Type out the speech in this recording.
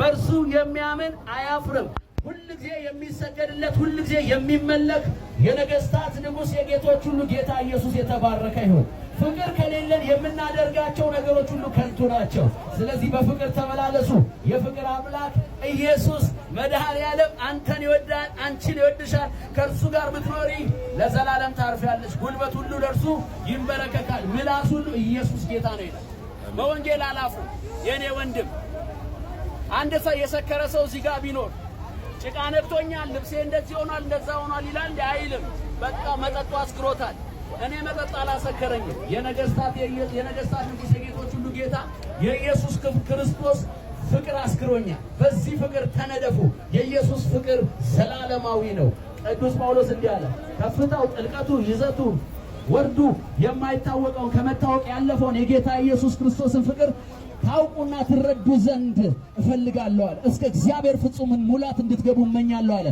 በእርሱ የሚያምን አያፍርም። ጊዜ የሚሰገድለት ጊዜ የሚመለክ የነገስታት ንጉሥ የጌቶች ሁሉ ጌታ ኢየሱስ የተባረከ ይሁን። ፍቅር ከሌለን የምናደርጋቸው ነገሮች ሁሉ ከንቱ ናቸው። ስለዚህ በፍቅር ተመላለሱ። የፍቅር አምላክ ኢየሱስ መድኃኔዓለም አንተን ይወዳል፣ አንቺን ይወድሻል። ከእርሱ ጋር ብትኖሪ ለዘላለም ታርፊያለሽ። ጉልበት ሁሉ ለእርሱ ይንበረከካል፣ ምላስ ሁሉ ኢየሱስ ጌታ ነው ይላል። በወንጌል አላፉ የእኔ ወንድም አንድ ሰው የሰከረ ሰው እዚህ ጋር ቢኖር ጭቃ ነክቶኛል፣ ልብሴ እንደዚህ ሆኗል፣ እንደዛ ሆኗል ይላል አይልም። በቃ መጠጡ አስክሮታል። እኔ መጠጥ አላሰከረኝም። የነገስታት የነገስታት ንጉሥ የጌቶች ሁሉ ጌታ የኢየሱስ ክርስቶስ ፍቅር አስክሮኛል። በዚህ ፍቅር ተነደፉ። የኢየሱስ ፍቅር ዘላለማዊ ነው። ቅዱስ ጳውሎስ እንዲህ አለ፣ ከፍታው፣ ጥልቀቱ፣ ይዘቱ፣ ወርዱ የማይታወቀውን ከመታወቅ ያለፈውን የጌታ ኢየሱስ ክርስቶስን ፍቅር ታውቁና ትረዱ ዘንድ እፈልጋለሁ አለ። እስከ እግዚአብሔር ፍጹምን ሙላት እንድትገቡ እመኛለሁ አለ።